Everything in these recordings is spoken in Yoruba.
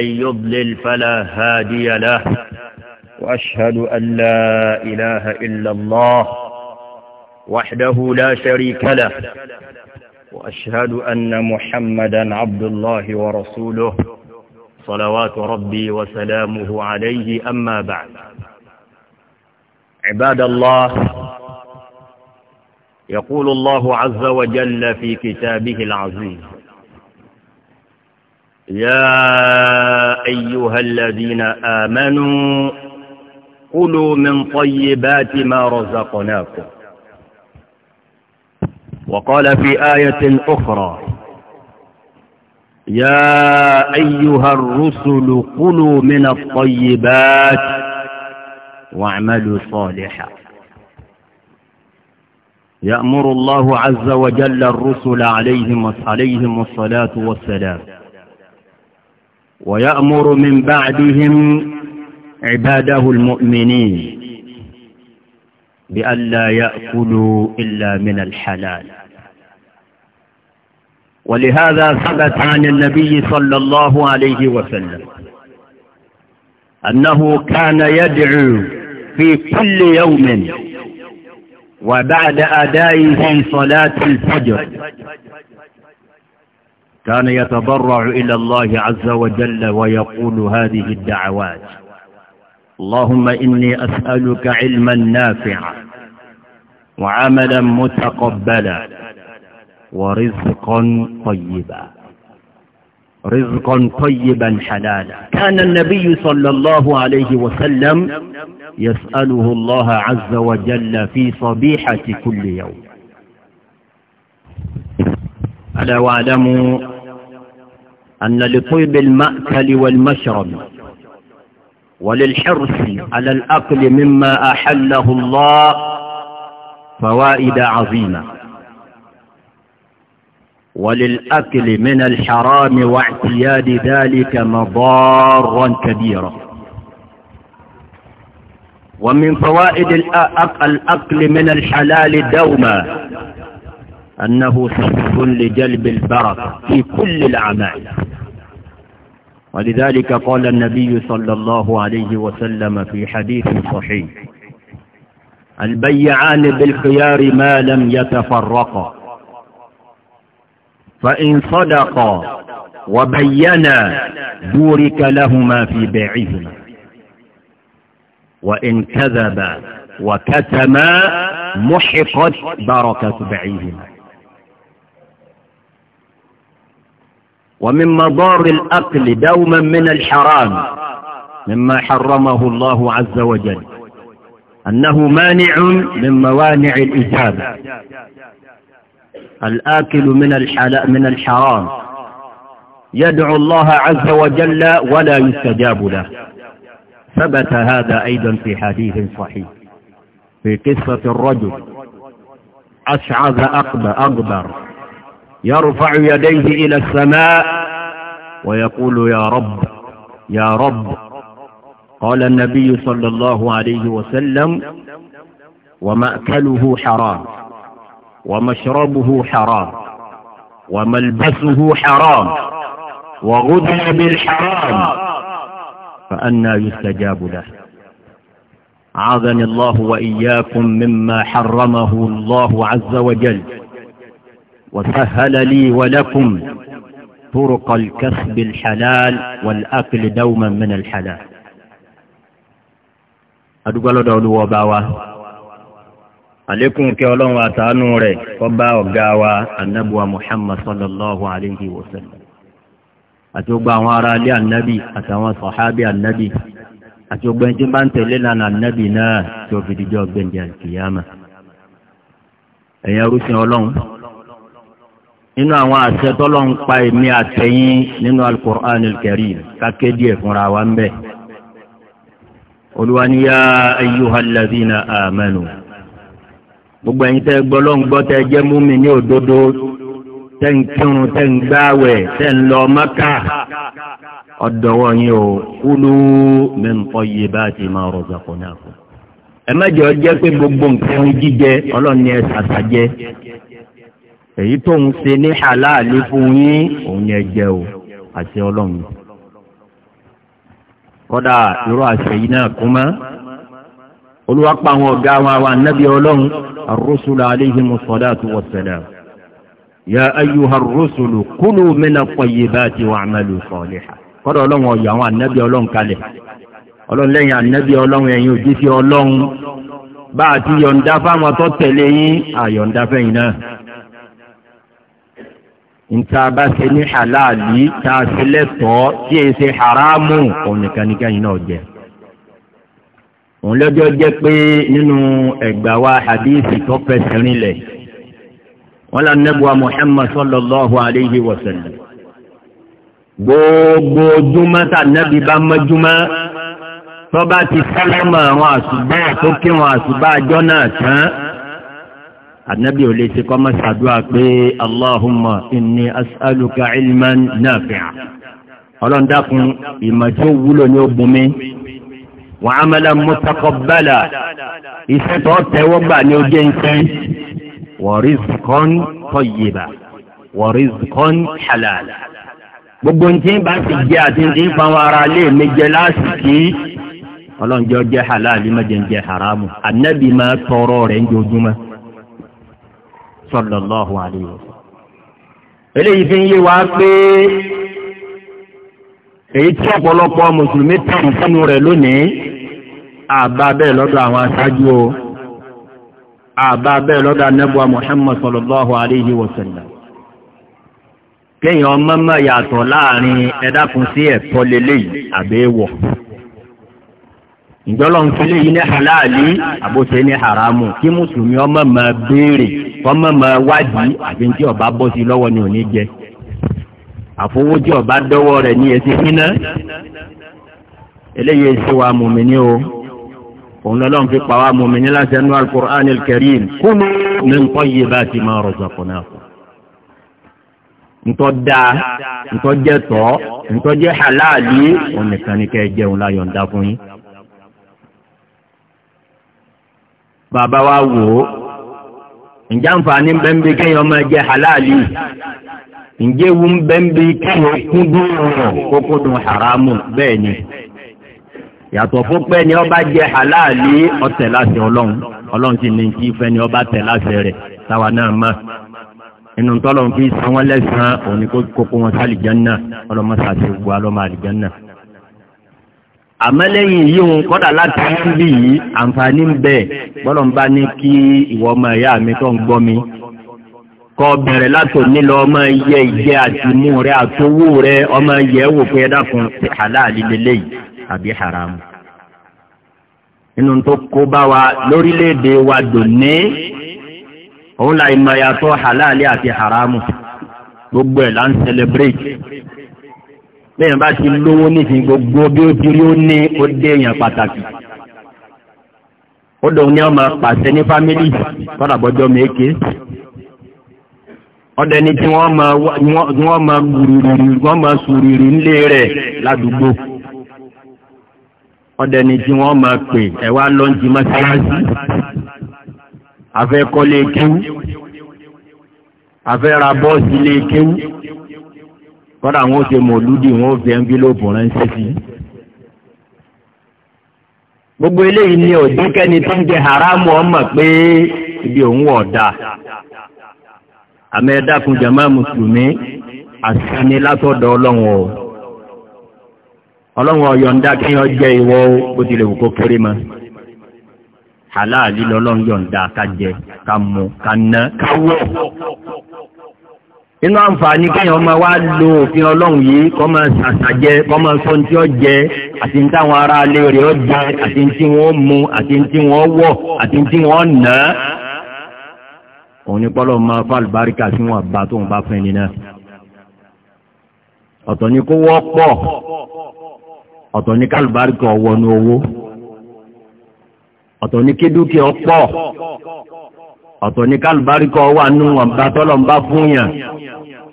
من يضلل فلا هادي له وأشهد أن لا إله إلا الله وحده لا شريك له وأشهد أن محمدا عبد الله ورسوله صلوات ربي وسلامه عليه أما بعد عباد الله يقول الله عز وجل في كتابه العزيز يا أيها الذين آمنوا كلوا من طيبات ما رزقناكم وقال في آية أخرى يا أيها الرسل كلوا من الطيبات واعملوا صالحا يأمر الله عز وجل الرسل عليهم, عليهم الصلاة والسلام ويأمر من بعدهم عباده المؤمنين بألا يأكلوا إلا من الحلال ولهذا ثبت عن النبي صلى الله عليه وسلم أنه كان يدعو في كل يوم وبعد أدائه صلاة الفجر كان يتضرع إلى الله عز وجل ويقول هذه الدعوات اللهم إني أسألك علما نافعا وعملا متقبلا ورزقا طيبا رزقا طيبا حلالا كان النبي صلى الله عليه وسلم يسأله الله عز وجل في صبيحة كل يوم ألا واعلموا أن لطيب المأكل والمشرب وللحرص على الأكل مما أحله الله فوائد عظيمة وللأكل من الحرام واعتياد ذلك مضارا كبيرة ومن فوائد الأكل من الحلال دوما أنه سبب لجلب البركة في كل الأعمال ولذلك قال النبي صلى الله عليه وسلم في حديث صحيح البيعان بالخيار ما لم يتفرقا فإن صدقا وبينا بورك لهما في بيعهما وإن كذبا وكتما محقت بركة بعيهما ومن مضار الأكل دوما من الحرام مما حرمه الله عز وجل أنه مانع من موانع الإجابة الآكل من, الحل... من الحرام يدعو الله عز وجل ولا يستجاب له ثبت هذا أيضا في حديث صحيح في قصة الرجل أشعث أقبر يرفع يديه إلى السماء ويقول يا رب يا رب قال النبي صلى الله عليه وسلم ومأكله حرام ومشربه حرام وملبسه حرام وغذي بالحرام فأنا يستجاب له عاذني الله وإياكم مما حرمه الله عز وجل وسهل لي ولكم طرق الكسب الحلال والأكل دوما من الحلال adúgbọ́lọ́ dọ̀lú ọba wa àlékún kí ọlọ́run àtàánú rẹ̀ kọba ọ̀gá wa annabuwa muhammad sallallahu alayhi wa sallam àti ó gba àwọn ará alé annabi àtàwọn sọ̀hábí annabi àti ogbẹ́ tí bá ń tẹ̀lé lánà annabi náà tí ó fi dìjọ́ gbẹ̀ndẹ̀ alkiyama ẹ̀yẹ rúsìn ọlọ́run nínú àwọn àṣẹ tọ́lọ́ ń pa èmi àtẹ̀yìn nínú alukur'an karim káké díẹ̀ fúnra wa ń bẹ̀. olùwàníyà ayyuhalladhina amanu gbogbo ẹ̀yin tẹ́ gbọ́ ló ń gbọ́ tẹ́ jẹ́ múmi ní òdodo tẹ́ ń kírun tẹ́ ń gbáwẹ̀ tẹ́ ń lọ Mẹ́kà ọ̀dọ̀wọ́ yín o kúlú min tayyibati ma razaqnakum. ẹ má jẹ́ ọ jẹ́ pé gbogbo nǹkan jíjẹ ọlọ́ni ẹ̀ sàṣàjẹ́ èyí tó ń ṣe ní halali fún yín òun yẹn jẹ o àti ọlọ́run kọ́dà irú àṣẹ yìí náà kú mọ́ olúwa pa àwọn ọ̀gá àwọn àwọn anábì ọlọ́run ar-rusulu alayhimu salatu wassalam ya ayyuha ar-rusulu kulu mina tayyibati wa'malu salihan kọ́dà ọlọ́run ọ̀yọ̀ àwọn anábì ọlọ́run kalẹ̀ ọlọ́run lẹ́yìn anábì ọlọ́run ẹ̀yìn òjíṣẹ́ ọlọ́run bá àti yọ̀ǹda fáwọn tó tẹ̀lé yín àyọ̀ǹda fẹ́yìn náà nta bá ṣe ní halali tá a ṣe lẹ́tọ̀ọ́ tí èyí ṣe haramu òun nìkan nìkan yìí náà jẹ. òun lọ́jọ́ jẹ́ pé nínú ẹ̀gbà wa hadithi tó fẹsẹ̀ rinlẹ̀ wọ́n lọ nẹ́bùa Muhammad sallallahu alayhi wa sallam. gbogbo juma tá nẹ́bí bá mọ́júmọ́ tọ́ba ti sálámà àwọn àṣùbà tó wọn àṣùbà àjọ náà tán ànábì ò lè ṣe kọ́ mọ́ ṣàdúrà pé allahumma inni as'aluka ilman nafi'a ọlọ́ndàkùn ìmọ̀ tí ó wúlò ní ogun mi wa amalan mutaqabbala iṣẹ́ tó tẹ́wọ́ gbà ní ojú ẹ̀ńsẹ́ wa rizqan tayyiba wa rizqan halal gbogbo ní tí ń bá ti jẹ́ àti ní tí ń fọwọ́ ara lé mi jẹ lásìkí ọlọ́njọ́ jẹ́ halal mẹ́jẹ̀ ń jẹ́ haramu ànábì máa tọrọ rẹ̀ ń jojúmọ́. sallallahu alayhi wa sallam. eléyìí fi ń yé wa pé èyí tí ọ̀pọ̀lọpọ̀ mùsùlùmí tàn sínú rẹ̀ lónìí àbá bẹ́ẹ̀ lọ́dọ̀ àwọn aṣájú o àbá bẹ́ẹ̀ lọ́dọ̀ anẹ́bùwa Muhammad sallallahu alayhi ìjọlọ ń yìí ní halali àbóṣe ní haramu kí mùsùlùmí ọmọ máa béèrè ọmọ máa wádìí àbí tí ọba bọ́ sí lọ́wọ́ ni ò ní jẹ àfọwọ́jì ọba dọ́wọ́ rẹ̀ ní etí síná eléyìí ṣe wa mùmíní o òun lọ́lọ́run fi pa wa mùmíní láti ẹnu al-Qur'an al-Karim kulu min tayyibati ma razaqnakum ntọ́ dáa ntọ́ jẹ́ tọ́ ntọ́ jẹ́ halali òun nìkan ni kẹ́ jẹun láyọ̀ ń dá fún yín. bàbá wa wò ó ǹjẹ́ àǹfààní ń bẹ ń halali ǹjẹ́ ewu ń bẹ ń bi kéèyàn haramu bẹ́ẹ̀ ni yàtọ̀ fún pé ni ọba jẹ halali ọtẹ láti ọlọ́run ọlọ́run sì ní kí fẹ́ ni ọba tẹ láti rẹ̀ táwa náà mọ̀ inú tọ́lọ̀ fi sanwó lẹ́sàn-án òní kó kókó wọn sálì jẹ́ náà ọlọ́mọ sàṣẹ̀ alọ́mọ àlìjẹ́ náà àmọ́ lẹ́yìn yìí òun kọ́dà láti ń bí yìí àǹfààní ń bẹ gbọ́dọ̀ ń bá ní kí ìwọ ọmọ ìyá mi tó ń gbọ́ mi kọ́ bẹ̀rẹ̀ látòní lọ ọmọ iye ìjẹ àtìmú rẹ àtowó rẹ ọmọ iye wò pé ẹ dákun ti halali lélẹ́yìí àbí haramu inú tó kó bá wa lórílẹ̀‐èdè wa dòní òun là ìmọ̀ yàtọ̀ halali àti haramu gbogbo ẹ̀ là ń celebrate lẹ́yìn bá ti lówó nísìnyí gbogbo bí ó ti rí ó ní ó dé èèyàn pàtàkì ó dòun ní ọmọ pàṣẹ ní fámílì kọ́dàbọ́jọ́ méje ọdẹ ni tí wọ́n máa wọ́n máa gbùrùrù wọ́n máa sùrùrù ńlé rẹ̀ ládùúgbò ọdẹ ni tí wọ́n máa pè ẹ wá lọ́njì mọ́sálásí afẹ́kọ́lé kéwú afẹ́ra bọ́ọ̀sì lé kéwú. kọ́dà wọn ó ṣe mọ̀lúdì wọn ó fi ẹ́ńfílóòpù ránṣẹ́ sí gbogbo eléyìí ni òjíkẹ́ni tó ń jẹ haramu ọmọ pé ibi òun wọ̀ dáa àmì jama mùsùlùmí àṣìṣe látọ̀dọ̀ ọlọ́run o ọlọ́run ọ̀yọ̀ǹda kí wọ́n jẹ ìwọ bó tilẹ̀ wù kó kéré ma halali lọ́lọ́run yọ̀ǹda ká jẹ ká mu ká nínú àǹfààní kéèyàn máa wá lo òfin ọlọ́run yìí kọ́ máa ṣàṣàjẹ kọ́ máa sọ tí ó jẹ àti ní táwọn ará ilé rẹ̀ ó jẹ àti ní tí wọ́n mu àti ní tí wọ́n wọ̀ àti ní tí wọ́n nà á. òun ni pọ́lọ́ máa fa àlùbáríkà sí wọn àbá tóun bá fẹ́ náà. ọ̀tọ̀ ni kó wọ́ pọ̀ ọ̀tọ̀ ni kálùbáríkà wọnú owó ọ̀tọ̀ ni kí dúkìá pọ̀ ọ̀tọ̀ ni kálùbáríkà wà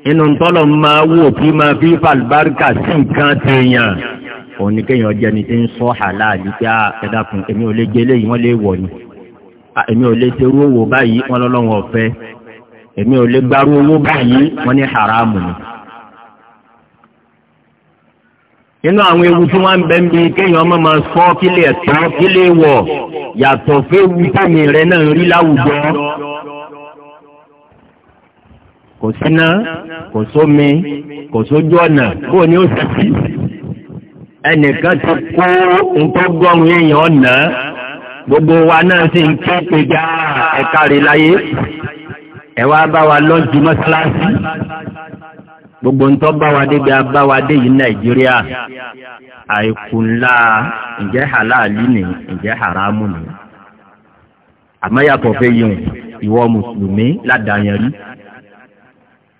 inú tọ́lọ̀ máa wò kí máa fi fàlùbáríkà sí nǹkan tèèyàn òní kéèyàn jẹni tí ń sọ àláàlì pé ah, ẹ dákun èmi ò lè jẹ eléyìí wọ́n lè wọ̀ ni ah, èmi ò lè serú owó báyìí wọ́n lọ́lọ́wọ́ ọ̀fẹ́ èmi ò lè gbárù owó báyìí wọ́n ní haramu ni. inú àwọn ewu tí wọ́n ń bẹ ń bi kéèyàn ọmọ máa sọ kílẹ̀ tán kílẹ̀ wọ̀ yàtọ̀ fún ewu tàmì rẹ̀ náà rí láwùjọ kò síná kò sómi kò sójú ọ̀nà kó ni ó sàkí ẹnìkan ti kó ntọ́gọ́rùn èèyàn ọ̀nà gbogbo wa náà sì ń ké péjà ẹ̀ka rè láyé ẹ bá wa mọ́sálásí gbogbo ntọ bá wa dé bí a bá wa dé yìí nàìjíríà ǹjẹ́ halali ni ǹjẹ́ haramu ni àmọ́ yàtọ̀ fẹ́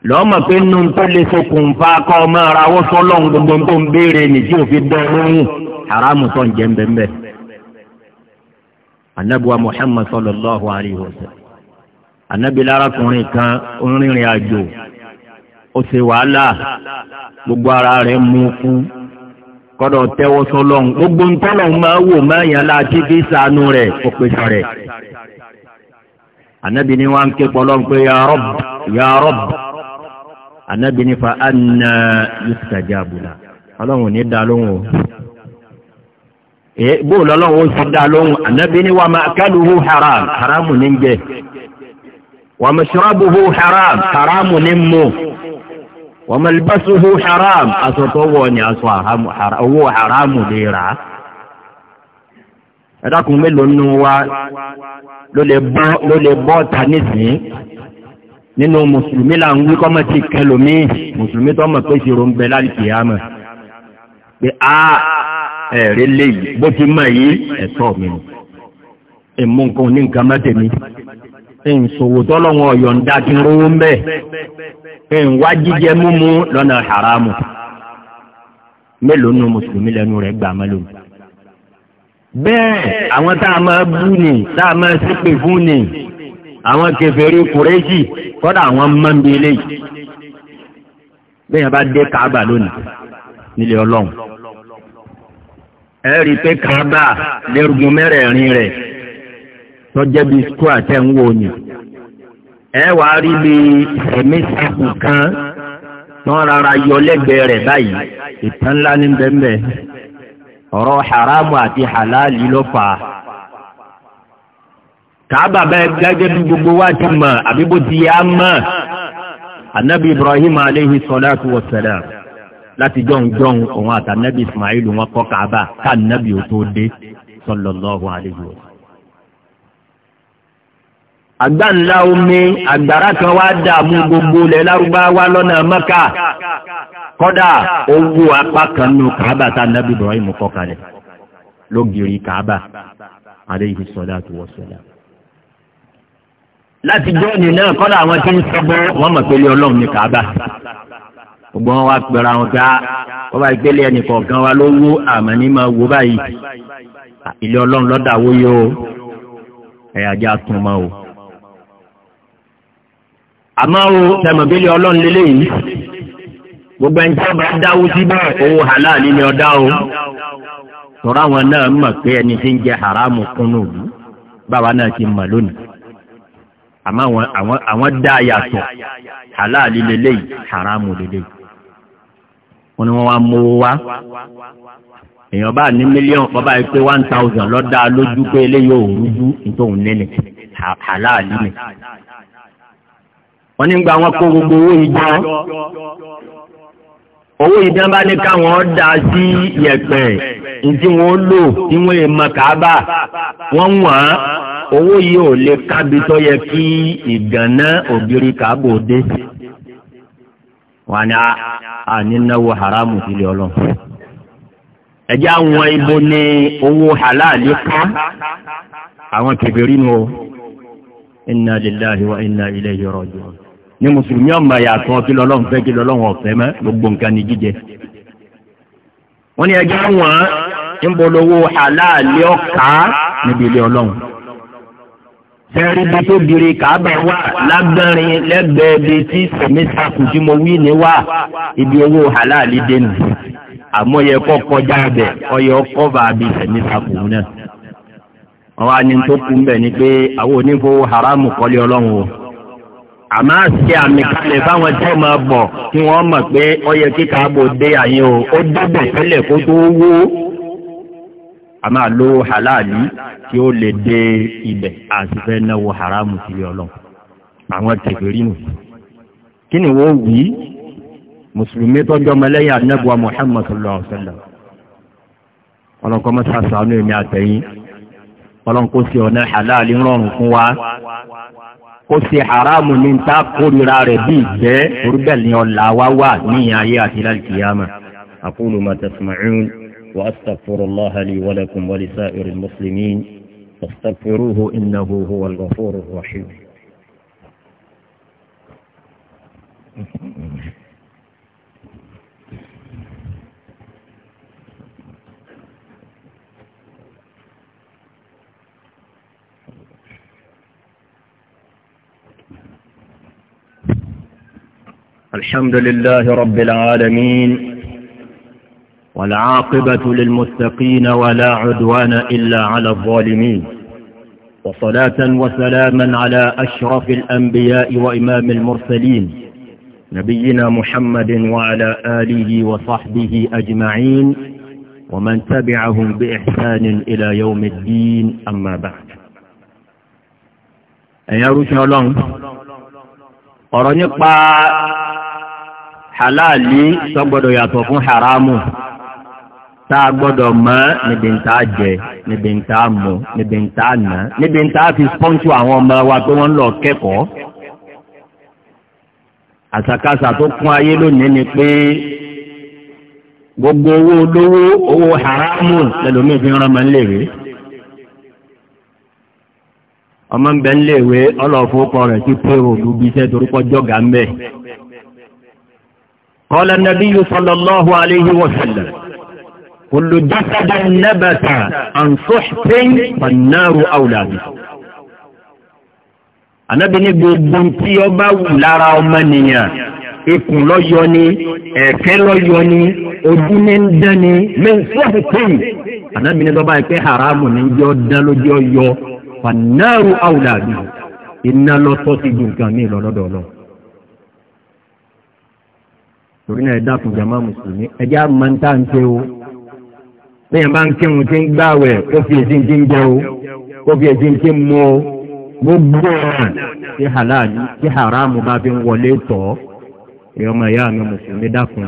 lọ́mọ pé nínú tó lè ṣokùnfà kọ́ ọmọ ara wọ́n sọ lọ́hùn gbogbo tó ń béèrè nìjí òfin dán lóhùn haramu tó ń jẹ́ ńbẹ́ńbẹ́. anabiwa muhammad sallallahu alayhi wa sallam anabi lárakùnrin kan onírìn àjò ó ṣe wàhálà gbogbo ara rẹ̀ mú kú kọ́dọ̀ tẹ́wọ́ sọlọ́hún gbogbo ń tọ́lọ̀ máa wò máa yàn láti fi sànú rẹ̀ kó pèsè rẹ̀ anabi ni wọn ké pọlọ́n pé ya rọ́b ya rọ́b ànábì nípa anna yustajabu la ọlọ́run ní dá lóhùn o èyí bóòlù ọlọ́run ó sì dá lóhùn ànábì ní wa ma'kaluhu haram haramu ní jẹ wa mashrabuhu haram haramu ní mu wa malbasuhu haram aṣọ tó wọ̀ ni aṣọ owó haramu lè rà á mélòó nínú wa ló lè bọ́ ta nísìnyí. nínú musulmi la ń wí mọ̀ ti kẹlòmí musulmi tó mọ̀ pé ìṣirò ń bẹ láti àmọ̀ pé a ẹ̀rí léyìí bó ti mọ̀ yìí ẹ̀tọ́ mi ni èmu nǹkan ní nǹkan mẹ́tẹ̀mí ìṣòwò tọ́lọ́wọ́ yọ̀ǹda kí n rówó ń bẹ̀ jíjẹ lọ́nà haramu mélòó ni tá a máa ni àwọn kèfèrí kùrẹ́jì kọ́dà àwọn mọ́ńbí eléyìí bẹ́ẹ̀ bá dé káàbà lónìí nílé ọlọ́run ẹ rí i pé káàbà lẹ́rùgùn mẹ́rẹ̀ẹ̀rin rẹ̀ tọ́jẹ́ bí skú àtẹ̀wò ni ẹ wà á rí bí ẹ̀mí sàkù kan tán rárá yọ lẹ́gbẹ̀ẹ́ rẹ̀ báyìí ìtàn ńlá ní bẹ́ẹ̀ bẹ́ẹ̀ ọ̀rọ̀ haramu àti halali ló fà á kàábà bẹ́ẹ̀ gẹ́gẹ́ bí gbogbo wa ti mọ̀ àbí bó ti yá mọ̀ anabi ibrahim aleyhi salatu wa salam láti jọ̀hún jọ̀hún òun àtànẹ́bí ismail wọn kọ́ kàábà káànẹ́bí ò tó dé sallallahu aleyhi wa sallam àgbà ńlá omi àgbàrá kan wá dààmú gbogbo ilẹ̀ lárúbáwá lọ́nà mẹ́ka kọ́dà owó apá kan nù kàábà tá nàbí ibrahim kọ́kalẹ̀ lógiri kàábà alayhi salatu wa láti jọ́ọ̀nì náà kọ́dà àwọn tí ń sọ́gbọ́n wọ́n mọ̀ pé ilé ọlọ́run ní kàábà gbogbo wọn wá pẹ̀lú àwọn pé ah, wọ́n bá gbélé ẹnìkọ̀ọ̀kan wa ló wó àmọ́ ní máa wo báyìí ah, ilé ọlọ́run lọ́dà wó yó ẹ̀yà jẹ́ àtúnmọ́ o. àmọ́ o tẹ̀mọ̀bílẹ̀ ọlọ́run lélẹ́yìí gbogbo ẹni tí wọ́n bá dáwó síbẹ̀ owó halal ni ọ̀dá o tọ́ra àwọn náà mọ̀ pé ẹni àmọ́ àwọn àwọn àwọn dá yàtọ̀ halali lélẹ́yìí haramu lélẹ́yìí wọ́n ní wọ́n wá mú wa èèyàn bá ní mílíọ̀nù bàbá yìí pé one thousand lọ́dà lójú pé eléyìí ò rújú nítorí nẹ́nẹ̀ halali ni wọ́n ní gba wọn kó gbogbo owó ìjọ owó ìdánbá ní káwọn dá sí yẹ̀pẹ̀ ntí wọ́n lò tí wọ́n yẹ mọ kábà nwaa wọ́n owó yìí ò lè kábi tó yẹ kí ìgànná kábò dé wọn ni ah, a nínáwó haramu sílẹ̀ ọlọ́run ẹjẹ́ àwọn ibo ni owó halali ká àwọn kẹfẹ́rí nu o inna lillahi wa ile ilayhi raji'un. ní mùsùlùmí ọmọ yàtọ̀ kí lọ́lọ́run fẹ́ kí lọ́lọ́run ọ̀fẹ́ mọ́ gbogbo nǹkan ní jíjẹ. wọ́n ní ẹja wọn ń bolówó aláàlẹ ọ̀ka níbi ilé ọlọ́run. sẹ́rí bí tó biri kàábà wà lágbẹ́rin lẹ́gbẹ̀ẹ́ bíi tí sẹ̀mẹ́sà kù tí mo wí ní wà ibi owó aláàlẹ dénú. àmọ́ yẹ kọ́ kọjá bẹ̀ ọyọ kọ́ba bíi sẹ̀mẹ́sà náà. wọ́n wá ní tó kú mbẹ̀ ni pé àwọn onífowó haramu kọ́lé ọlọ́run o àmọ́ àṣẹ àmì kalẹ̀ fáwọn tí wọ́n máa bọ̀ kí wọ́n mọ̀ pé ó yẹ kí káàbò dé àyìn o ó débẹ̀ tẹ́lẹ̀ kó tó wó àmọ́ àlọ́ halali tí ó lè dé ibẹ̀ àti fẹ́ náwó haramu sí ọlọ́ àwọn kèfèrí nù kí ni wọ́n wí mùsùlùmí tọ́jú ọmọlẹ́yìn anábùwà Muhammad sallallahu alaihi wa sallam ọlọ́nkọ́ mọ́sá sàánú èmi àtẹ̀yìn ọlọ́nkọ́ sí ọ̀nà halali rọrùn fún wa ó ṣe haramu ní ta kórira rẹ̀ bí ìgbẹ́ orúbẹ̀lì ọ̀la wá wà ní ayé àti lálùkìyàmà. aqulu ma tasma'un wa astaghfirullaha li wa lakum wa lisa'iril muslimin fastaghfiruhu innahu Mm-hmm. الحمد لله رب العالمين والعاقبة للمتقين ولا عدوان إلا على الظالمين وصلاة وسلاما على أشرف الأنبياء وإمام المرسلين نبينا محمد وعلى آله وصحبه أجمعين ومن تبعهم بإحسان إلى يوم الدين أما بعد أيها رسول الله قرنقا halali tó gbọ́dọ̀ yàtọ̀ fún haramu tá a gbọ́dọ̀ mọ̀ níbi ń tá a jẹ níbi ń tá a mu níbi ń tá a nà níbi ń tá a fi pọ́ńtù àwọn ọmọ wa pé wọ́n ń lọ kẹ́kọ̀ọ́ àsàkásà tó kún ayé lónìí ni pé gbogbo owó olówó owó haramu lẹ́lòmíì fi rán ọmọ ńlẹ̀wé ọmọ ń ńlẹ̀wé ọlọ́ọ̀fọ́ kọ rẹ̀ sí pé òòlù bíi iṣẹ́ torí قال النبي صلى الله عليه وسلم كل جسد نبت عن صحف فالنار أولى به Ànábì ní gbogbo tí ó bá wù lára ọmọnìyàn ikùn lọ́yọ ni ẹ̀kẹ́ lọ́yọ ni ojú ní ń dán ni mẹ́sàn-án pẹ̀lú Ànábì ní bàbá ìpẹ́ haramu ní yọ dán lójú ọyọ fanaru awla bi iná lọ́tọ́ ti dùn kan ní ìlọ́lọ́dọ̀ ọlọ́run torí náà ẹ̀dá fún jama mùsùlùmí ẹ̀dá máa ń tà ń ṣe o lẹ́yìn bá ń kírun tí ń gbààwẹ̀ kó fi èsì tí ń jẹ o kó fi èsì tí ń mu o gbogbo ọ̀ràn tí halali tí haramu bá fi ń wọlé tọ̀ ìyọmọ ìyá mi mùsùlùmí dákun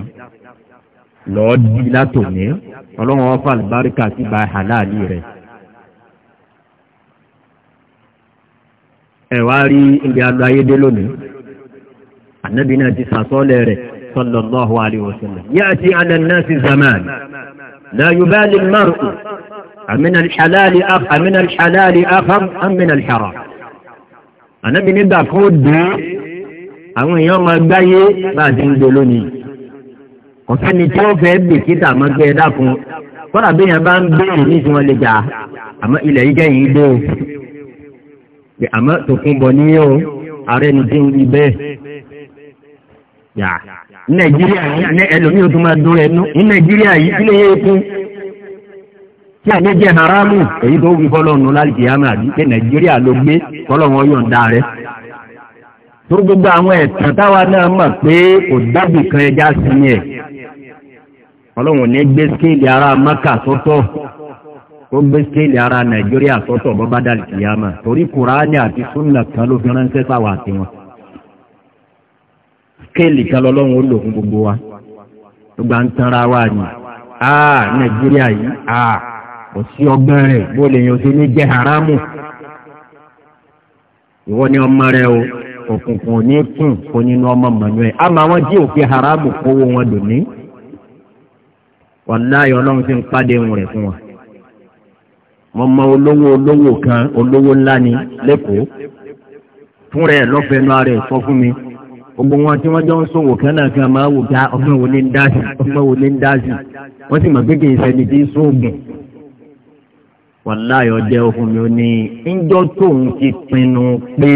lọ́ọ́ di látòní ọlọ́run ọ̀fà àlùbáríkà sí ba halal rẹ̀. ẹ̀ wá rí ibi alọ ayédè lónìí ànábì náà ti sàsọ́lẹ̀ rẹ̀. صلى الله عليه وسلم يأتي على الناس زمان لا يبالي المرء من الحلال أخ من الحلال أخر أم من الحرام أنا بنبدا فود أو يوم الباي ما تنزلوني وفني توفى بكتا ما تنزلوني فلا بيها بان بيه نسوى لجاه أما إلا إيجاي إيدو أما تقوم بنيو أرين تنزل بيه Yeah. yeah. nàìjíríà ní ẹlòmí o tún máa dún ẹnu ní nàìjíríà yìí kí ló yẹ kún tí jẹ haramu èyí tó wí fọlọ́ọ̀nù láti yàmà àbí pé nàìjíríà ló gbé fọlọ́wọ́n yọ̀ǹda rẹ̀ tó gbogbo àwọn ẹ̀tàn táwa náà mọ̀ pé kò dábì kan ẹja sí ẹ̀ ní gbé skéèlì ara maka sọ́tọ̀ ó gbé skéèlì ara nàìjíríà sọ́tọ̀ bọ́bá dàlì torí kùránì àti súnà kan ló fi ránṣẹ́ sáwà àti kéèlì kan lọ́lọ́run ó lò fún gbogbo wa gbogbo à ń tanra wa ni aa nàìjíríà yìí aa kò sí ọgbọ́n rẹ̀ bó lè yan ṣe ní jẹ́ haramu ìwọ ni ọmọ rẹ o òkùnkùn ò ní kùn kó nínú ọmọ manuel àmọ́ àwọn jí òfin haramu kówó wọn dùn ní wàláyé ọlọ́run ti ń pàdé ohun rẹ̀ fún wa mo mọ olówó olówó kan olówó ńlá ni lẹ́kọ̀ọ́ fúnra ẹ̀ lọ́fẹ̀ẹ́ náà rẹ̀ sọ fún mi gbogbo wọn tí wọ́n jọ ń sòwò kan máa wò dá ah, ọgbọ́n wo ní ń dási ọgbọ́n wo ní ń dási wọ́n sì mọ̀ pé kì í ṣẹni tí ń sóògùn. wàláyọ̀ jẹ́ òfin mi ò ní ńjọ́ tóun ti pinnu pé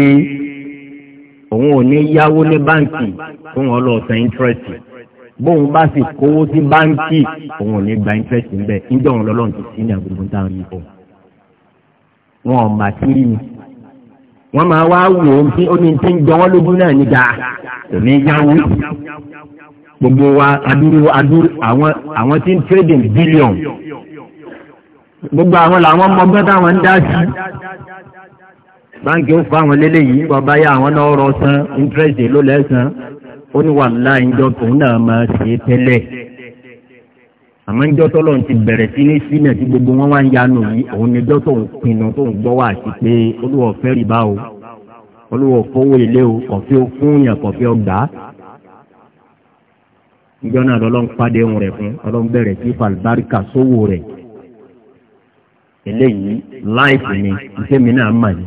òun ò ní yáwó ní báǹkì fún wọn lọ san íńtírẹ́sì bóun bá sì kówó sí báǹkì òun ò ní gba íńtírẹ́sì ń ńjọ́ òun lọ́lọ́run ti sí ní àgbègbè táwọn yìí bọ̀ wọn ò mà sí ni wọ́n máa wá wò ó pé ó ní tí ń jọ wọ́n lógún náà nígbà òní jáwó gbogbo wa adúrú adúrú àwọn àwọn tí ń trading billion gbogbo àwọn làwọn mọgbọ́n táwọn ń dá sí báńkì ó fọ àwọn lélẹ́yìí bàbá yá àwọn náà rọ san interest ló lẹ́sàn ó ní wàhálà ìjọ tòun náà máa ṣe tẹ́lẹ̀ àmọ́ ń jọ́tọ́ lọ́n ti bẹ̀rẹ̀ sí ní sílẹ̀ tí gbogbo wọn wá ń yanu yìí òun ni jọ́tọ̀ ń pinnu tó ń gbọ́ wá sí pé olúwa ọ̀fẹ́ rìbá o olúwa ọ̀fọ́wọ́ ilé o kọ̀fí o fún yàn kọ̀fí ọgbà ìjọ náà lọ́lọ́ pàdé ohun rẹ̀ fún ọlọ́run bẹ̀rẹ̀ sí falbarika sówó rẹ̀ eléyìí láìpẹ́ ni iṣẹ́ mi náà mà ní.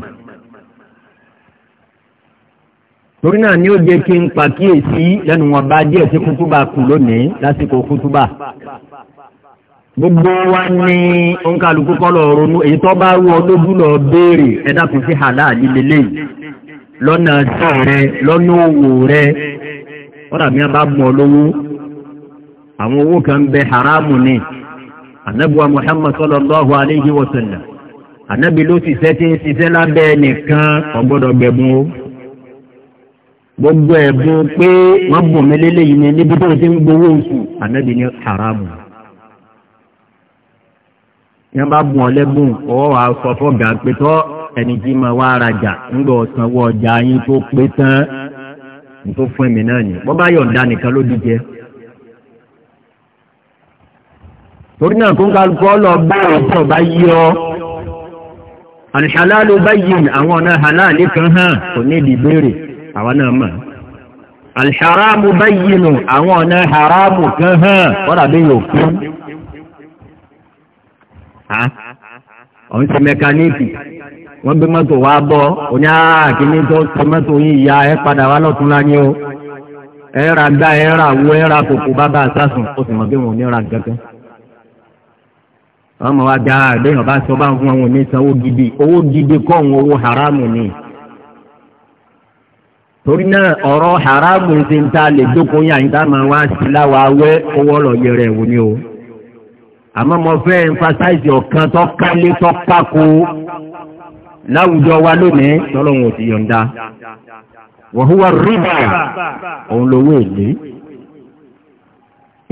torí náà ni ó jẹ́ kí n pàkíyèsí lẹ́nu wọn bá díẹ̀ gbogbo wa ní òǹkàlùkù kọ́ lọ ronú èyí tó bá rú ọdójú lọ béèrè ẹ̀dá kò sí hàlá lílélẹ́ lọ́nà sí rẹ lọ́nà òwò rẹ ọ̀dà mi bá mọ̀ lówó àwọn owó kan bẹ haramu ni anabuwa muhammad sallallahu alayhi wa sallam anabi ló ṣiṣẹ́ tí ń ṣiṣẹ́ lábẹ́ nìkan ọgbọ́dọ̀ gbẹ̀bùn gbogbo ẹ̀bùn pé wọ́n bùn mi lélẹ́yìn ní níbi tó ti ń gbowó oṣù anabi ní haramu. yẹn bá bùn ọ lẹ́bùn ọwọ́ wa sọ pé tọ́ ẹni ọjà yín tó pé tán tó fún mi náà ni bọ́ bá yọ̀ǹda nìkan ló dìjẹ́. torí náà kó lọ bá ọ̀tọ̀ bá yí ọ alìṣàlálù àwọn ọ̀nà hàn kò ní àwọn náà mọ̀ àwọn ọ̀nà kan hàn ọ̀hún ti mẹkaníìkì wọ́n gbé mọ́tò wá bọ́ oní àkíní tó ti mọ́tò yìí ya ẹ padà wá lọ́tún láyé o ẹ ra gbá ẹ ra wo ẹ ra kòkó bàbá àsásùn ó sì mọ̀ bí wọn ò ní ra gẹ́gẹ́ wọ́n mọ̀ wá gba àgbéyàn bá sọ bá ń fún àwọn òní sanwó gidi owó gidi kọ́ òun owó haramu ni torí náà ọ̀rọ̀ haramu ti ń ta lè dókòó yàn tá máa wá sí láwa wẹ́ owó ọ̀rọ̀ yẹrẹ wò ni o àmọ́ mo fẹ́ emphasize ọ̀kan tó kálé tó kákó láwùjọ wa lónìí tọ́lọ́hún ò ti yọ̀ǹda wa huwa riba òun lówó èlé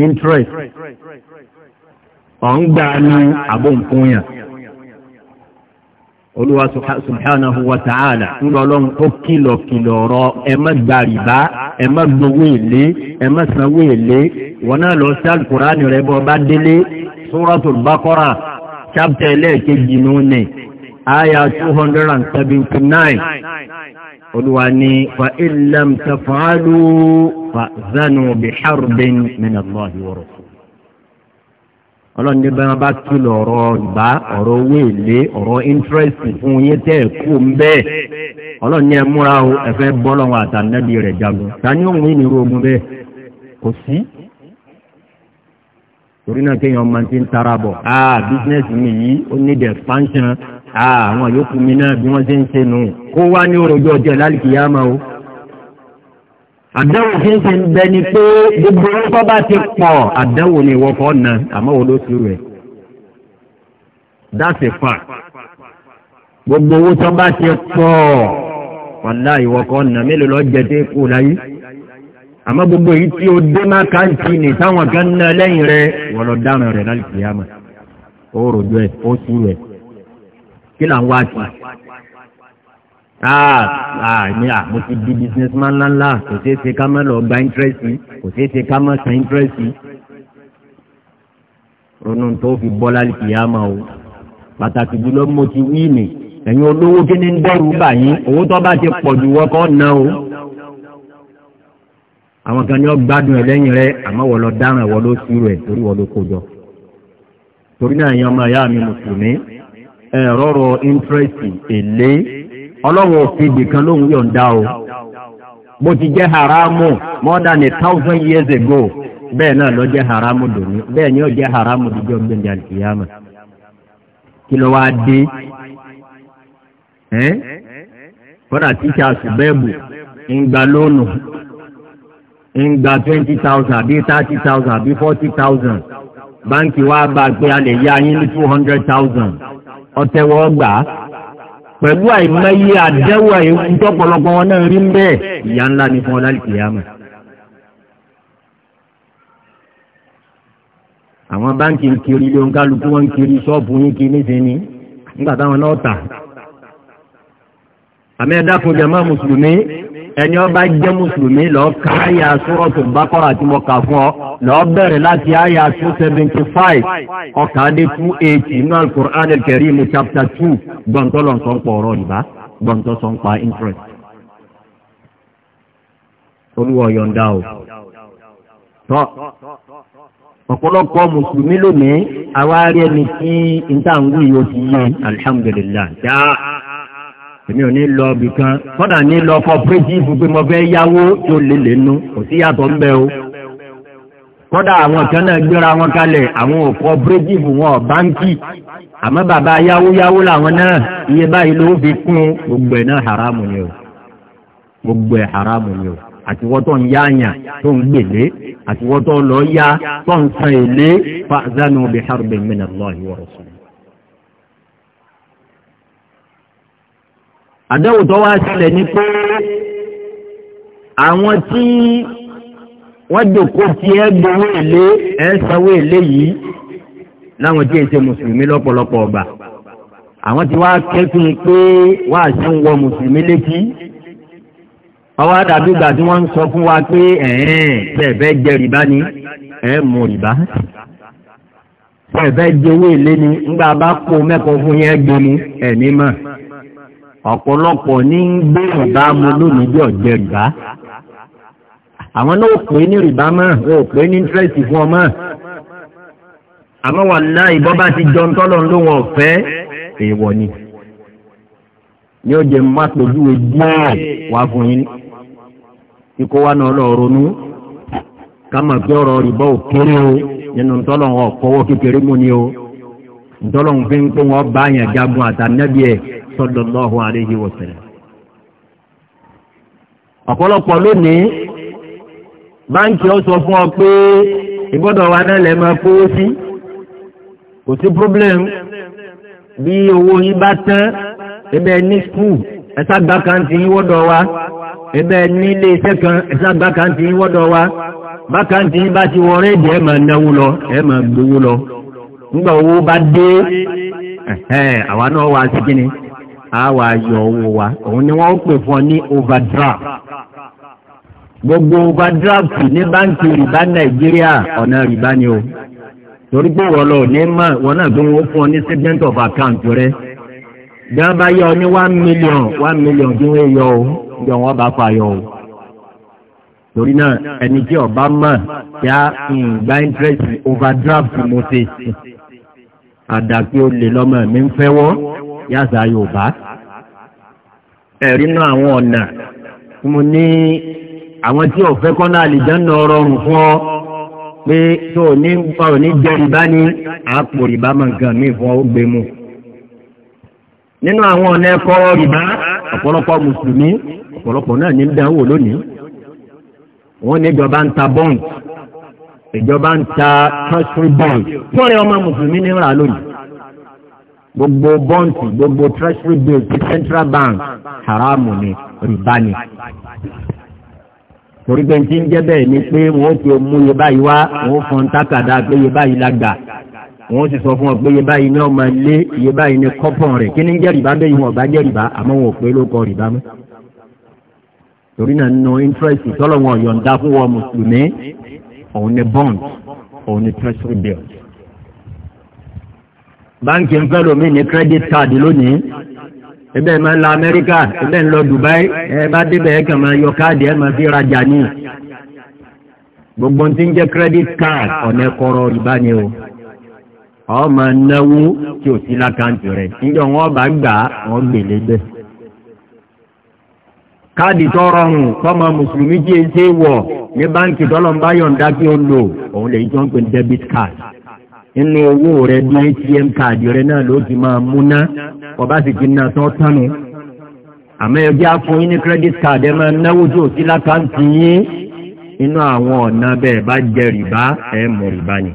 interest ọ̀n gbà ní àbọ̀nfúnyà olúwa subhanahu wa ta'ala ń lọ lọ́n tó kìlọ̀ kìlọ̀ ọ̀rọ̀ ẹ má gba rìbá ẹ má gbowó èlé ẹ má sanwó èlé wọn náà lọ sí alukurani rẹ bọ́ bá délé suratul baqara chapter ẹlẹ́ẹ̀kejì ní ó ní aya 279 olúwa ní fa illam taf'alu fa zanu bi harbin min Allahi wa rasul ọlọ́ni bá wọn bá kìlọ̀ ọ̀rọ̀ ìbá ọ̀rọ̀ owó èlé ọ̀rọ̀ íńtírẹ́sì fún yín tẹ́ ẹ̀ kú ń bẹ́ẹ̀ ọlọ́ni ẹ múra o ẹ̀fẹ́ bọ́lọ́wọ́ àtànẹ́bí rẹ̀ jagun ta ni òun ìnirú ogun bẹ́ẹ̀ kò sí torí náà kéèyàn máa ti ń tara bọ̀ aa business mi yìí ó ní the expansion aa àwọn yòókù mi náà bí wọ́n ṣe ń ṣe nù kó wá ní oròjọ ọjọ́ lálùkìyàmá o. àdáwò ṣe ń ṣe ń bẹ ni pé gbogbo ọkọ bá ti pọ̀ àdáwò ni ìwọ kọ́ na àmọ́ wo ló ti rẹ̀ that's a fact gbogbo owó tó bá ti pọ̀ wàlá ìwọ kọ́ na mélòó lọ́ọ́ jẹ dé kú láyé àmọ́ gbogbo èyí tí ó dé má káàkiri ní táwọn kan ná lẹ́yìn rẹ wọ́n lọ dáràn rẹ̀ láì fi àmà ó rojọ́ ẹ̀ ó sú rẹ̀ kí là ń wá sí. aa ní à mo ti di business man ńláńlá kò ṣeé ṣe ká má lọ gba interest kò ṣeé ṣe ká má san interest ronú tó fi bọ́ láì fi àmà o pàtàkì jùlọ mo ti wí nì ẹ̀yin olówó kí ni ń dẹ́rù báyìí owó tó bá ti pọ̀ jù wọ́kọ́ náà o àwọn kan ní ọ gbádùn ẹ lẹ́yìn rẹ àmọ́ wọ́n lọ dáràn wọ́n ló sí rẹ̀ torí wọ́n ló kó jọ torí náà yan ọmọ ìyá mi mùsùlùmí ẹ̀rọ rọ íńtírẹ́sì èlé ọlọ́run òfin ibìkan lóhun yọ̀ǹda o bó ti jẹ́ haramu more than a thousand years ago bẹ́ẹ̀ náà lọ jẹ́ haramu dòní bẹ́ẹ̀ ni ó jẹ́ haramu dídí ọgbẹ́ni alìkìyàmà kí ló wá dé kódà tíṣà sùbẹ́ẹ̀bù ń gba lónù ń gba twenty thousand àbí thirty thousand àbí forty thousand báńkì wa bá a pé a lè yá yín ní two hundred thousand ọ̀tẹ̀wọ̀ gbà á pẹ̀lú àìmọye àdẹ́wọ̀ ewu tọ́pọ̀lọpọ̀ wọn náà rí ń bẹ́ẹ̀ ìyá ńlá ni fún ọlálìkè yàmà. àwọn báńkì ń kiri ilé oníkálukú wọn ń kiri ṣọ́ọ̀bù yín kiri nísìnyí nígbà táwọn náà tà. àmì ẹ̀dá fún jàmá mùsùlùmí ẹni ọba jẹ́ mùsùlùmí lọ ka àyà sọ́rọ̀tù bákọ́rà tí mo kà fún ọ lọ bẹ̀rẹ̀ láti àyà 275 ọkà dé 280 inú al-Qur'an al-Karim chapter 2 gbọ́ntọ́ lọ sọ ń pọ̀ ọ̀rọ̀ ìbá gbọ́ntọ́ sọ ń pa interest olúwa yọ̀ǹda o tọ́ ọ̀pọ̀lọpọ̀ mùsùlùmí lónìí àwárí ẹni tí ìtàǹgù yóò ti yẹ alhamdulillah dáa èmi ò ní lọ ibì kan kọ́dà ní lọ cooperative pé mo fẹ́ yáwó tó lélẹ̀ nu kò sí yàtọ̀ ń bẹ o kọ́dà àwọn kan náà gbéra wọn kalẹ̀ àwọn ò cooperative wọn báńkì àmọ́ bàbá yáwó yáwó làwọn náà iye báyìí ló fi kún gbogbo ẹ̀ náà haramu ni o gbogbo ẹ̀ haramu ni o àtiwọ́tọ̀ ń yáàyàn tó ń gbèlé àtiwọ́tọ̀ lọ yá tó ń san èlé fa'zanu biharbin minallahi wa rasul àdéhùn tó wá ṣẹlẹ̀ ni pé àwọn tí wọ́n jòkó tí ẹ gbowó èlé ẹ sanwó èlé yìí láwọn tí ẹ ṣe mùsùlùmí lọ́pọ̀lọpọ̀ ọgbà àwọn tí wá kẹ́kùn pé wàá ṣe ń wọ mùsùlùmí létí ọwọ́ àdàbí ìgbà tí wọ́n ń sọ fún wa pé ẹ̀ẹ́n tẹ̀ẹ̀bẹ́ jẹ rìbá ni ẹ̀ mú rìbá tẹ̀ẹ̀bẹ́ jẹ owó èlé ni ńgbà bá kó mẹ́kọ̀ọ́ fún yẹn gbé ẹ̀ ní mọ̀ ọ̀pọ̀lọpọ̀ ní ń gbé ìbá mu lónìí bí ọ̀jẹ̀ gbá àwọn náà pè ní rìbá mọ́ wọn ò pè ní íńtírẹ́sì fún ọmọ àmọ́ wà láì bọ́ bá ti jọ ńtọ́lọ̀ ló wọn ọ̀fẹ́ èèwọ̀ ni ní ó má pẹ̀lú díẹ̀ wá fún yín kíkó wá náà lọ ronú ká mọ̀ pé ọ̀rọ̀ rìbá ò o nínú ńtọ́lọ̀ ọ̀kọ́wọ́ kékeré mú ni o dọ́lọ́hún fi ń pé wọ́n bá yàn jagun àtànẹ́bí ẹ̀ sallallahu alayhi wa sallam. ọ̀pọ̀lọpọ̀ lónìí báńkì ó sọ fún ọ pé ìgbọ́dọ̀ wa náà lè máa kówó sí kò sí problem bí owó yín bá tán ẹbẹ̀ ní skul ẹ̀sà gbàkàntì yín wọ́dọ̀ wa ẹbẹ̀ ní ilé iṣẹ́ kan ẹ̀sà gbàkàntì yín wọ́dọ̀ wa bákàntì yín bá ti wọ rẹ́ẹ̀dì ẹ̀ máa náwó lọ ẹ̀ máa gbowó lọ nígbà owó bá dé àwa náà wá sí kíni a wá yọ owó wa òun ni wọ́n pè fún ọ ní overdraft gbogbo overdraft ní báńkì rìbá nàìjíríà ọ̀nà rìbá ni o torí pé wọ́n lọ ní mọ̀ wọ́n náà tó ń fún ọ ní statement of account rẹ bí bá yọ ní one million one million tí wọ́n yọ o yọ wọ́n bá fa yọ o torí náà ẹni tí ọba mọ̀ kí hmm, gba interest overdraft mo ṣe àdàkí ó lè lọ́mọ mi ń fẹ́wọ́ yàtà yorùbá ẹ̀rí náà àwọn ọ̀nà tí mo ní àwọn tí ò fẹ́ kọ́ náà àlìjáná rọrùn fún ọ pé tó o ní gbọ́ ò ní jẹ́ ìbá ní àpò ìbá máa gàn mí fún ọ gbé mu. nínú àwọn ọ̀nà ẹ̀kọ́ ìbá ọ̀pọ̀lọpọ̀ mùsùlùmí ọ̀pọ̀lọpọ̀ náà ní dánwò lónìí wọ́n níjọba ń ta bọ́ǹd ìjọba ń ta treasury bond fúnrẹ́ ọmọ mùsùlùmí ní ìrà lónìí gbogbo bọ́ǹtì gbogbo treasury bill ti central bank haramu ni rìbá ni torí pé tí ń jẹ́ bẹ́ẹ̀ ni pé wọ́n ti mú iye báyìí wá wọ́n fọn tákàdá pé iye báyìí la gbà wọ́n ti sọ fún ọ pé iye báyìí ní ọmọ ilé iye báyìí ní kọ́pọ̀n rẹ̀ kí ní jẹ́ rìbá bẹ́ẹ̀ wọn ọ̀bá jẹ́ rìbá àmọ́ wọn ò pé ló kọ rìbá mọ́ torí náà nínú interest tọ́lọ̀ wọn yọ̀ǹda fún wọn mùsùlùmí òun ni bond òun ni treasury bill. báńkì ń fẹ́ lómi ní credit card lónìí ibẹ̀ máa ń lọ amẹ́ríkà ibẹ̀ ń lọ dubai ẹ bá débẹ̀ ẹ kàn máa yọ káàdì ẹ máa fi rajà ní. gbogbo ti ń jẹ́ credit card ọ̀nà ẹ̀kọ́rọ̀ ìbá ni o ọ máa náwó tí ò sí lákàntì rẹ̀ níjọ́ wọn bá gbà wọ́n gbèlé bẹ́ẹ̀ káàdì tó rọrùn tọ́mọ mùsùlùmí jí ṣe wọ̀ ní báńkì tọ́lọ́mbá yọ̀ǹda kí ó lò òun lè jọ ń pè debit card nínú owó rẹ bí atm card, rẹ náà ló ti máa múná ọba sì ti ná tán tánu àmọ́ ẹgbẹ́ afún yín ní credit card ẹ máa náwó tó sí lákàntì yín inú àwọn ọ̀nà bẹ́ẹ̀ bá jẹ rìbá ẹ mọ̀ rìbá ni.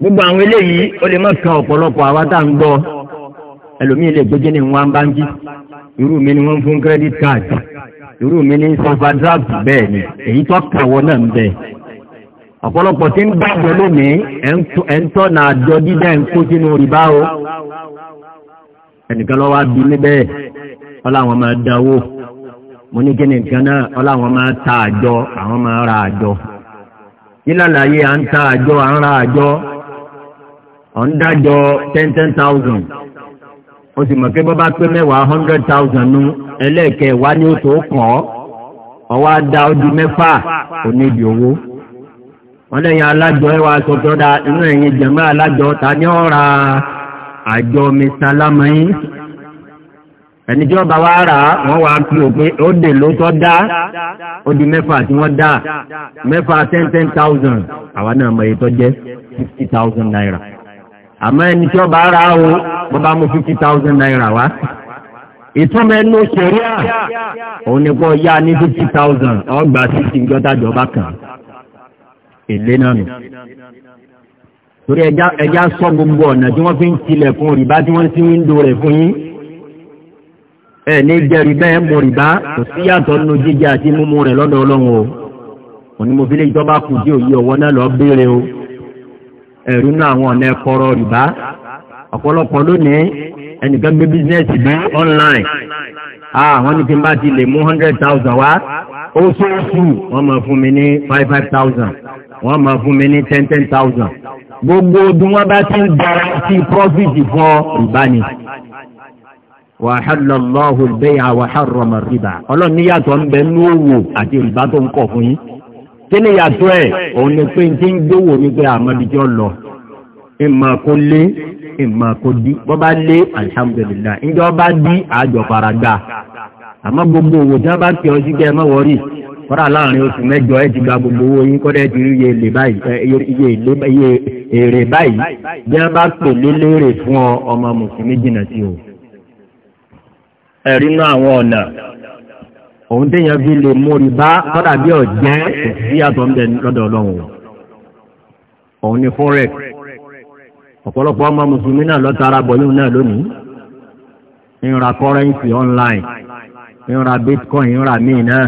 gbogbo àwọn eléyìí ó lè má kan ọ̀pọ̀lọpọ̀ àwa tá à ń gbọ́ ẹlòmíì lè gbé jẹ́ ní wọn báńkì irú mi ni wọ́n fún credit card irú mi ni overdraft bẹ́ẹ̀ ni èyí tó kàwọ́ náà ń bẹ ọ̀pọ̀lọpọ̀ tí ń bàjẹ́ lónìí ẹ̀ ń tọ́nà àjọ dídá ẹ̀ ń kó sínú rìbá o ẹnìkan lọ́wọ́ bí níbẹ̀ ọláwọn máa dáwó mo ní kí nìkan náà ọláwọn máa ta àjọ àwọn máa ra àjọ nílàlàyé à ń ta àjọ à ń ra àjọ ọ̀ ń dájọ ten ten thousand o sì mọ̀ pé bọ́ bá pé mẹ́wàá hundred thousand nu ẹlẹ́ẹ̀kẹ́ wá ní oṣù kàn ọ́ ọwọ́ á da ọdún mẹ́fà oníbi owó wọ́n lẹ́yìn alájọ ẹ wá sọ pé ó da inú ẹ̀yìn jẹ̀mọ́ alájọ ta ni ó ra àjọ mr lamayin ẹni tí wọ́n bá wá rà wọ́n wá pí òpin ó dè ló tọ́ dá ó mẹ́fà tí wọ́n dá mẹ́fà ten ten thousand àwa náà mọ̀ èyí tó jẹ́ fifty thousand naira àmọ́ ẹni tí ó bá ra o bó bá mú fifty thousand naira wá ìtumọ̀ ẹnu sẹ̀ríà òun ni kò yá ní fifty thousand ọgbà sixty gbọ́dájọ́ bá kàn èlé náà nù torí ẹja sọ gbogbo ọ̀nà tí wọ́n fi ń tilẹ̀ fún rìbá tí wọ́n ti ń do rẹ̀ fún yín ẹ ní jẹ́ rìbá ẹ mọ̀ rìbá kò sí yàtọ̀ nínú jíjẹ àti mímú rẹ̀ lọ́dọ̀ òní mo fi lè jọba kù tí òye ọ̀wọ́ náà lọ béèrè o ẹ̀rú náà àwọn ọ̀nà ẹ̀kọ́rọ̀ rìbá ọ̀pọ̀lọpọ̀ lónìí ẹnìkan gbé bísínẹ́sì bí online àwọn ah, ní kí n bá ti lè mú hundred thousand wá oṣooṣù wọ́n máa fún mi ní five five thousand wọ́n máa fún mi ní ten ten thousand gbogbo ọdún wọn bá ti ń dára sí profit fún rìbá ni. wàhálà lọ́hùn bẹ́yà wàhálà rọ̀mọ̀ rìbá ọlọ́run níyàtọ̀ ń bẹ ní òwò àti rìbá tó ń kọ̀ fún yín kí ni yàtọ̀ ẹ̀ òun ni pé tí ń gbówó mi pé àmọ́bíjì ọlọ ìmọ̀ kó lé ìmọ̀ kó dí bọ́ bá lé alihamudulilayi ǹjọ́ bá dí àjọ faragbá àmọ́ gbogbo òwò tí wọ́n bá pè ọ́ sí kẹ́ ẹ mọ́ wọ́rì kọ́dà láàrin oṣù mẹ́jọ ẹ ti gba gbogbo owó yín kọ́dà ẹ ti rí iye èlé báyìí bí wọ́n bá pè lélẹ́rè fún ọ ọmọ mùsùlùmí jìnnà sí o. ẹ̀rí àwọn ọ̀nà òun téèyàn fi lè mórí bá kọ́dà bí ọ̀jẹ́ òsì yàtọ̀ ń bẹ lọ́dọ̀ ọlọ́run òun ni forex ọ̀pọ̀lọpọ̀ ọmọ mùsùlùmí náà lọ́ta ara bọ̀ yóò náà lónìí ń ra currency online ń ra bitcoin ń ra míì náà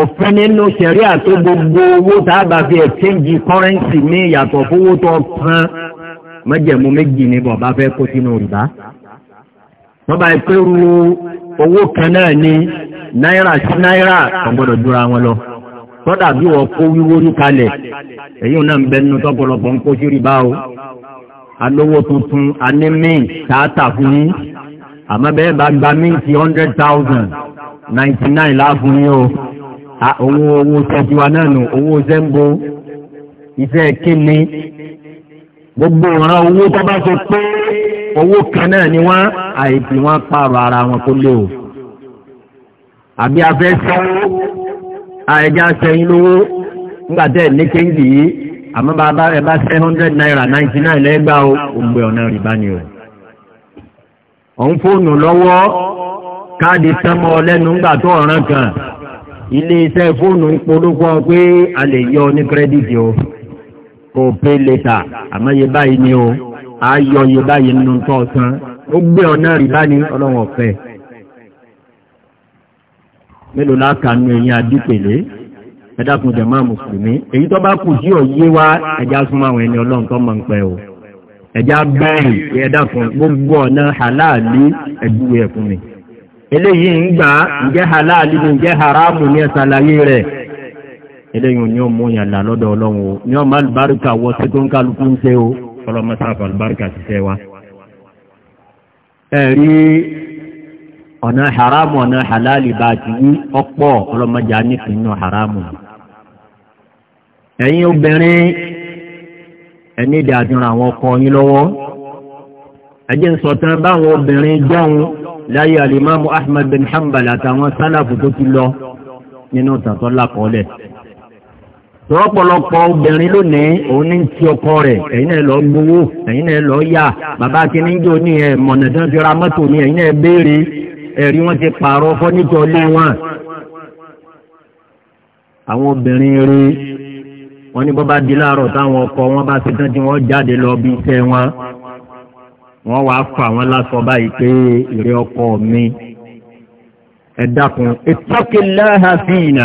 òfin nínú sẹ̀rí àti gbogbo owó tá a bá fi exchange currency ní ìyàtọ̀ fowó tó kan mọ́jẹ̀mú méjì ni bọ̀ bá fẹ́ kó sínú rìbá wọ́n bá ẹ pé ru owó kan náà ni náírà sí náírà kò gbọ́dọ̀ dúra wọn lọ kọ́dà bí wọ́n kó wíwórí kalẹ̀ èyí náà ń bẹ nínú tọ́pọ̀lọpọ̀ ń kó sírí bá o alówó tuntun aní mint tààtà fún yín àmọ́ bẹ́ẹ̀ bá gba mint hundred thousand ninety nine láàfún yín o owó owó tẹ̀síwá náà nù owó zembo iṣẹ́ kínní gbogbo ìran owó tó bá ṣe pé owó kan náà ni wọ́n àìsí wọ́n pààrọ̀ ara wọn kó lé o. àbí abẹ́ sanwó àìjá sẹ́yìn lówó nígbà tẹ́ ẹ̀ ní kéńjì yìí àmọ́ bàbá rẹ̀ bá seven hundred naira ninety nine lẹ́gbàá o ògbé ọ̀nà rìbá ni o. òun fóònù lọ́wọ́ káàdì tẹ́mọ lẹ́nu ńgbà tó ọ̀ràn kan ilé fóònù ń polówó pé a lè yọ ní kírẹ́dìtì o kò pé lẹ́tà àmọ́ yẹ báyìí ni o ayọyẹ báyìí nínú tọ́ san ó gbé ọ̀nà rí bá ní ọlọ́run ọ̀fẹ́ mélòó lákàánú ẹ̀yìn adípèlé ẹ̀dàkùn jẹ̀má mùsùlùmí èyí tó bá kù sí òye wá ẹja súnmọ́ àwọn ẹni ọlọ́run tó mọ̀ ń pẹ́ o ẹja bẹ́ẹ̀rì ẹ̀dàkùn gbogbo ọ̀nà àláàlí ẹ̀dúwẹ̀ ẹ̀fún mi eléyìí ń gbà ǹjẹ́ àláàlí ni ǹjẹ́ haramu ní ẹ̀sàlàyé rẹ̀ eléyìí ni ó mú yàn là ọlọ́run o ni ó má lùbáríkà wọ sí tó ń kálukú ń ṣe o ọlọ́mọsáfà àlùbáríkà ṣiṣẹ́ wa. ẹ̀rí ọ̀nà haramu ọ̀nà halali bá ti wí ọ̀pọ̀ ọlọ́mọdé anífìnnú haramu. ẹ̀yin obìnrin ẹni ìdí àdúrà àwọn ọkọ yín lọ́wọ́ ẹjẹ́ ń sọ̀tàn báwọn obìnrin jẹun láyé alimamu ahmed bin hanbal àtàwọn sálàfù tó ti lọ nínú tàtọ́ lákọọ́lẹ̀. rọpọlọpọ obìnrin lónìí òun ní tí ọkọ rẹ̀ ẹ̀yìn náà lọ gbowó ẹ̀yìn náà lọ yá bàbá akíní jò ní ẹ mọ̀nà fi ra mọ́tò ní ẹ̀yìn náà béèrè ẹ̀rí wọn ti pààrọ̀ lé wọn. àwọn obìnrin rí wọn ní bọ́bá di láàárọ̀ táwọn ọkọ wọn bá tán jáde lọ bí iṣẹ́ wọn wọ́n wàá fọ àwọn lásọ báyìí pé ìrẹ́ ọkọ mi dákun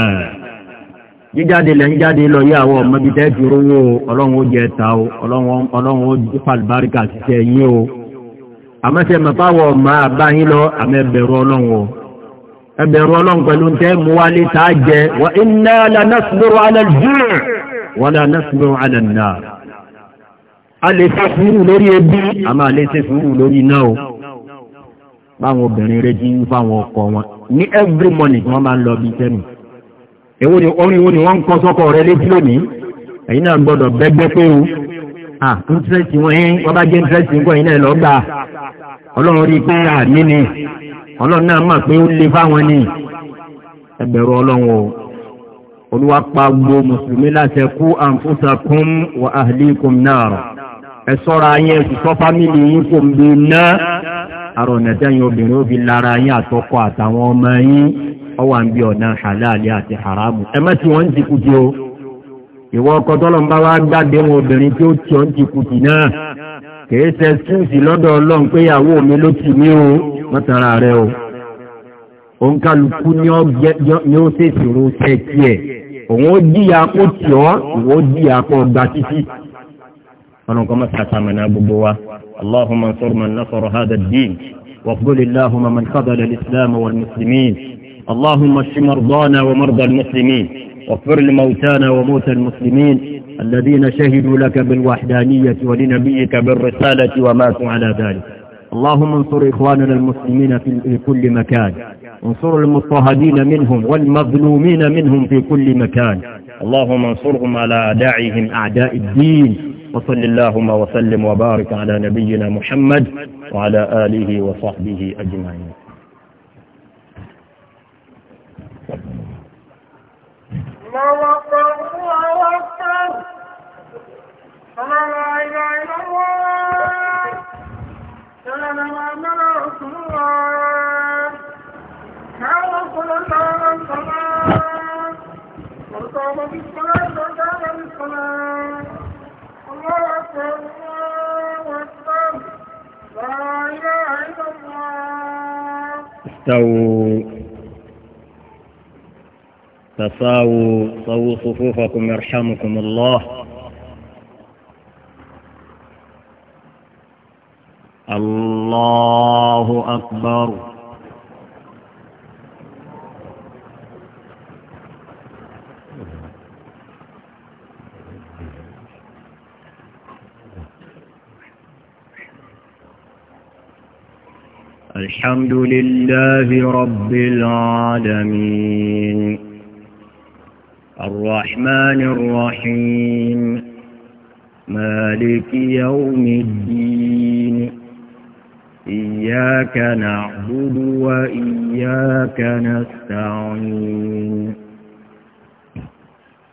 jíjáde lẹ́ ń jáde lọ yí àwọn ọmọ ibi tẹ́ẹ̀tì rówó ọlọ́run ó jẹ ta o ọlọ́run ó fàlùbáríkà ṣiṣẹ́ yín o àmọ́sẹ̀ mọ̀fáwọ̀ ọmọ àbáyín lọ àmọ́ ẹbẹ̀rù ọlọ́run o ẹbẹ̀rù ọlọ́run pẹ̀lú tẹ́ mú wálé tá a jẹ wa inna la nasbiru ala al-ju' wa la nasbiru ala a lè ṣe sùúrù lórí ebi àmọ́ a lè ṣe sùúrù lórí iná o báwọn obìnrin rẹ ti fáwọn ọkọ wọn ní every morning wọ́n máa ń lọ bí tẹ́nu Ewo ni orin wo ni wọ́n Anyị na sọ́kọ̀ rẹ létí lónìí ẹ̀yin náà gbọ́dọ̀ bẹ́gbẹ́ pé o ah interest wọn yín wọ́n bá jẹ́ nǹkan náà lọ gbà rí i pé ni náà pé ó le fáwọn ni o olúwa wa ẹ bi obìnrin ó fi lára yín àtọkọ àtàwọn ọwà ń bí ọ̀nà halali àti haramu ẹmẹ́ tí wọ́n ń ti kùtì o ìwọ ọkọ̀ tọ́lọ̀ ń bá wá gbàgbé wọn obìnrin tí ó ti ọ̀ ń ti kùtì náà kìí ṣe ṣúùsì lọ́dọ̀ ọlọ́run pé ìyàwó mi ló ti mí o mọ́tara rẹ o òun kálukú ni ó ṣèṣirò ṣe tiẹ̀ òun ó díya kó tì ọ́ ìwọ ó díya kó gba títí ọlọ́run kọ́ mọ́tà sàmìnà gbogbo wa allahumma sọ́rọ̀ mọ́ nasọ̀rọ̀ hada dín wàkúlélàhùn mọ́ mọ́ اللهم اشف مرضانا ومرضى المسلمين واغفر لموتانا وموتى المسلمين الذين شهدوا لك بالوحدانية ولنبيك بالرسالة وماتوا على ذلك اللهم انصر إخواننا المسلمين في كل مكان انصر المضطهدين منهم والمظلومين منهم في كل مكان اللهم انصرهم على أعدائهم أعداء الدين وصل اللهم وسلم وبارك على نبينا محمد وعلى آله وصحبه أجمعين استووا فصاووا صووا صفوفكم يرحمكم الله الله أكبر الحمد لله رب العالمين الرحمن الرحيم مالك يوم الدين إياك نعبد وإياك نستعين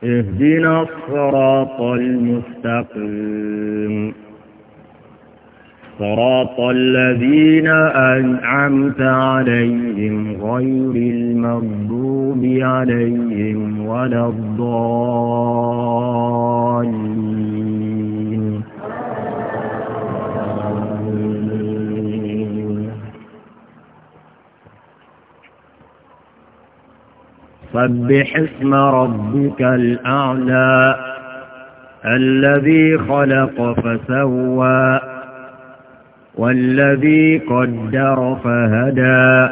اهدنا الصراط المستقيم صراط الذين أنعمت عليهم غير المغضوب عليهم ولا الضالين سبح اسم ربك الأعلى الذي خلق فسوى والذي قدر فهدى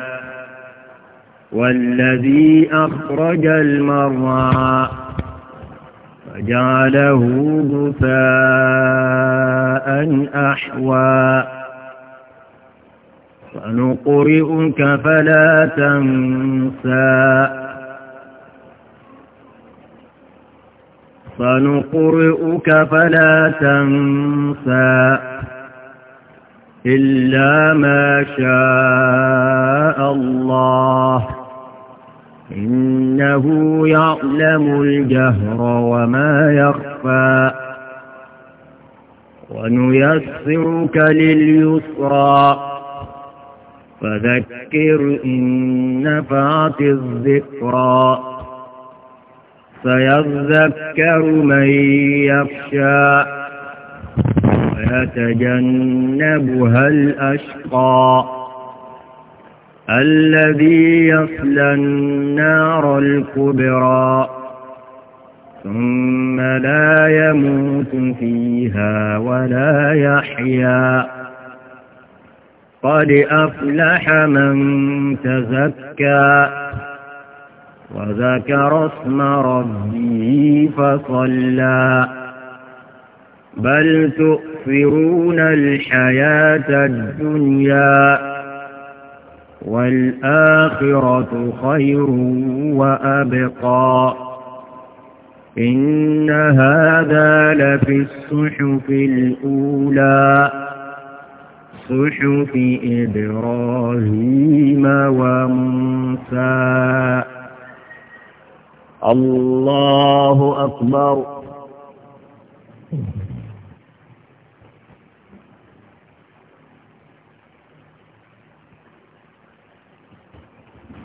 والذي أخرج المرعى فجعله غثاء أحوى فنقرئك فلا تنسى سنقرئك فلا تنسى إلا ما شاء الله إنه يعلم الجهر وما يخفى ونيسرك لليسرى فذكر إن نفعت الذكرى سيذكر من يخشى يتجنبها الأشقى الذي يصلى النار الكبرى ثم لا يموت فيها ولا يحيا قد أفلح من تزكى وذكر اسم ربه فصلى بل تؤمن يؤثرون الحياة الدنيا والآخرة خير وأبقى إن هذا لفي الصحف الأولى صحف إبراهيم وموسى الله أكبر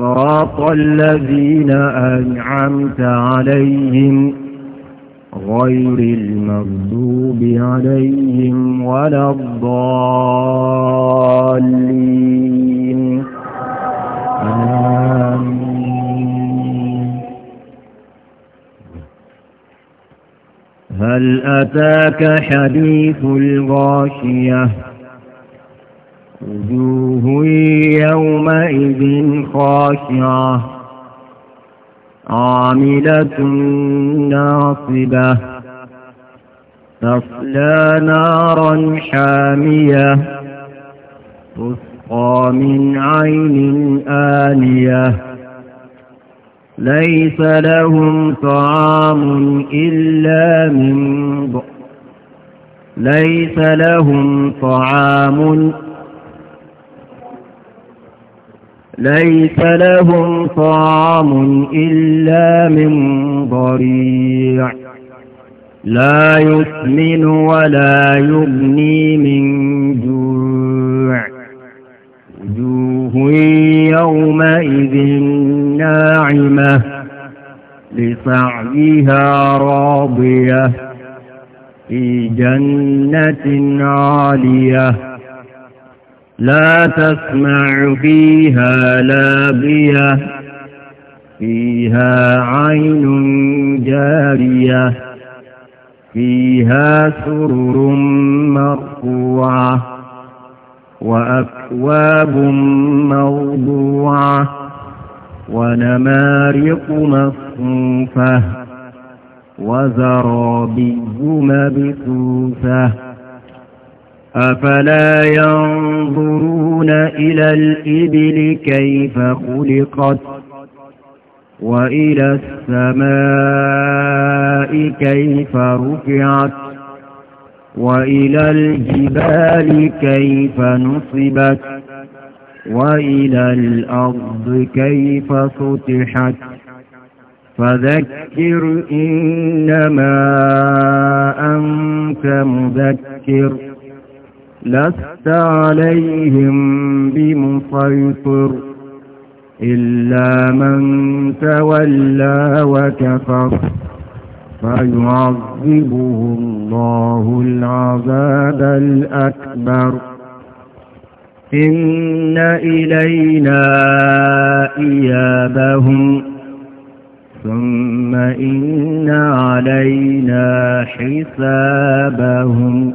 صراط الذين أنعمت عليهم غير المغضوب عليهم ولا الضالين آمين هل أتاك حديث الغاشية وجوه يومئذ خاشعة عاملة ناصبة تصلى نارا حامية تسقى من عين آنية ليس لهم طعام إلا من ليس لهم طعام ليس لهم طعام إلا من ضريع لا يسمن ولا يغني من جوع وجوه يومئذ ناعمة لسعيها راضية في جنة عالية لا تسمع فيها لابية فيها عين جارية فيها سرر مرفوعة وأكواب موضوعة ونمارق مصفوفة وزرابي مبثوثة أفلا ينظرون إلى الإبل كيف خلقت وإلى السماء كيف رفعت وإلى الجبال كيف نصبت وإلى الأرض كيف سطحت فذكر إنما أنت مذكر لست عليهم بمسيطر إلا من تولى وكفر فيعذبه الله العذاب الأكبر إن إلينا إيابهم ثم إن علينا حسابهم